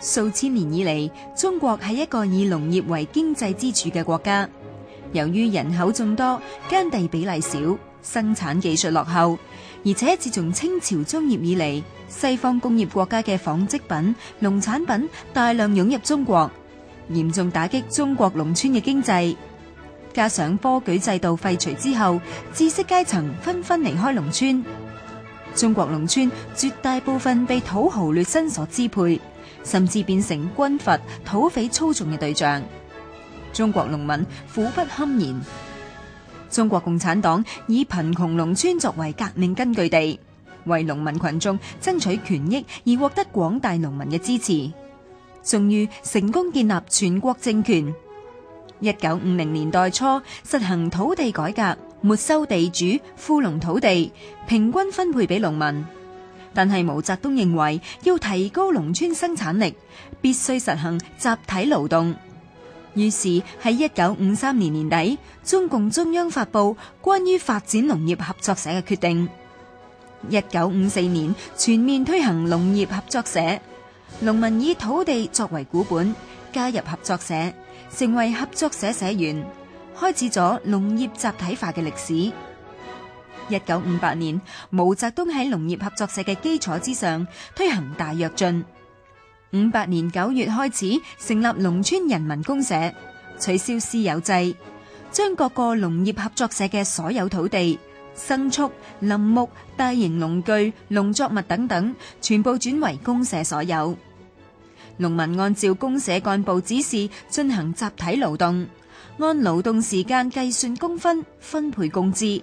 數千年以嚟，中國係一個以農業為經濟支柱嘅國家。由於人口眾多、耕地比例少、生產技術落後，而且自從清朝中葉以嚟，西方工業國家嘅紡織品、農產品大量湧入中國，嚴重打擊中國農村嘅經濟。加上科舉制度廢除之後，知識階層紛紛離開農村，中國農村絕大部分被土豪劣紳所支配。甚至變成軍閥、土匪操縱嘅對象。中國農民苦不堪言。中國共產黨以貧窮農村作為革命根據地，為農民群眾爭取權益而獲得廣大農民嘅支持，終於成功建立全國政權。一九五零年代初，實行土地改革，沒收地主、富農土地，平均分配俾農民。但係，毛澤東認為要提高農村生產力，必須實行集體勞動。於是，喺一九五三年年底，中共中央發布關於發展農業合作社嘅決定。一九五四年，全面推行農業合作社，農民以土地作為股本，加入合作社，成為合作社社員，開始咗農業集體化嘅歷史。一九五八年，毛澤東喺農業合作社嘅基礎之上推行大躍進。五八年九月開始成立農村人民公社，取消私有制，將各個農業合作社嘅所有土地、牲畜、林木、大型農具、農作物等等，全部轉為公社所有。農民按照公社幹部指示進行集體勞動，按勞動時間計算工分，分配工資。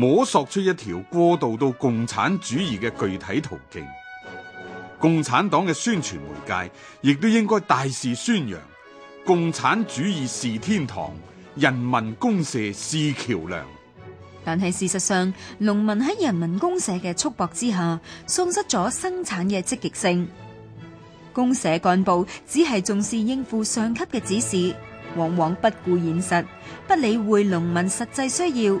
摸索出一條過渡到共產主義嘅具體途徑，共產黨嘅宣傳媒介亦都應該大肆宣揚共產主義是天堂，人民公社是橋樑。但係事實上，農民喺人民公社嘅束縛之下，喪失咗生產嘅積極性。公社幹部只係重視應付上級嘅指示，往往不顧現實，不理會農民實際需要。